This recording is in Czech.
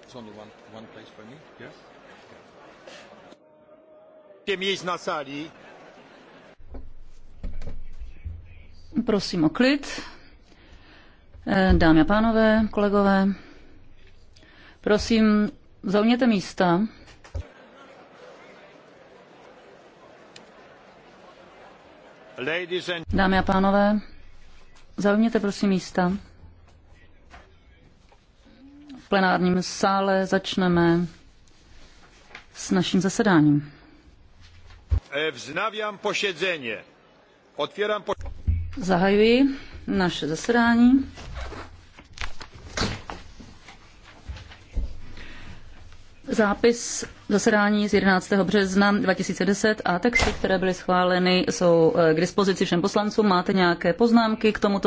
There's only one, one place for me. Yes. Prosím o klid. Eh, dámy a pánové, kolegové, prosím, zaujměte místa. Dámy a pánové, Zaujměte prosím místa. V plenárním sále začneme s naším zasedáním. E, vznavím pošedzeně. Otvírám po... Zahajuji naše zasedání. Zápis zasedání z 11. března 2010 a texty, které byly schváleny, jsou eh, k dispozici všem poslancům. Máte nějaké poznámky k tomuto?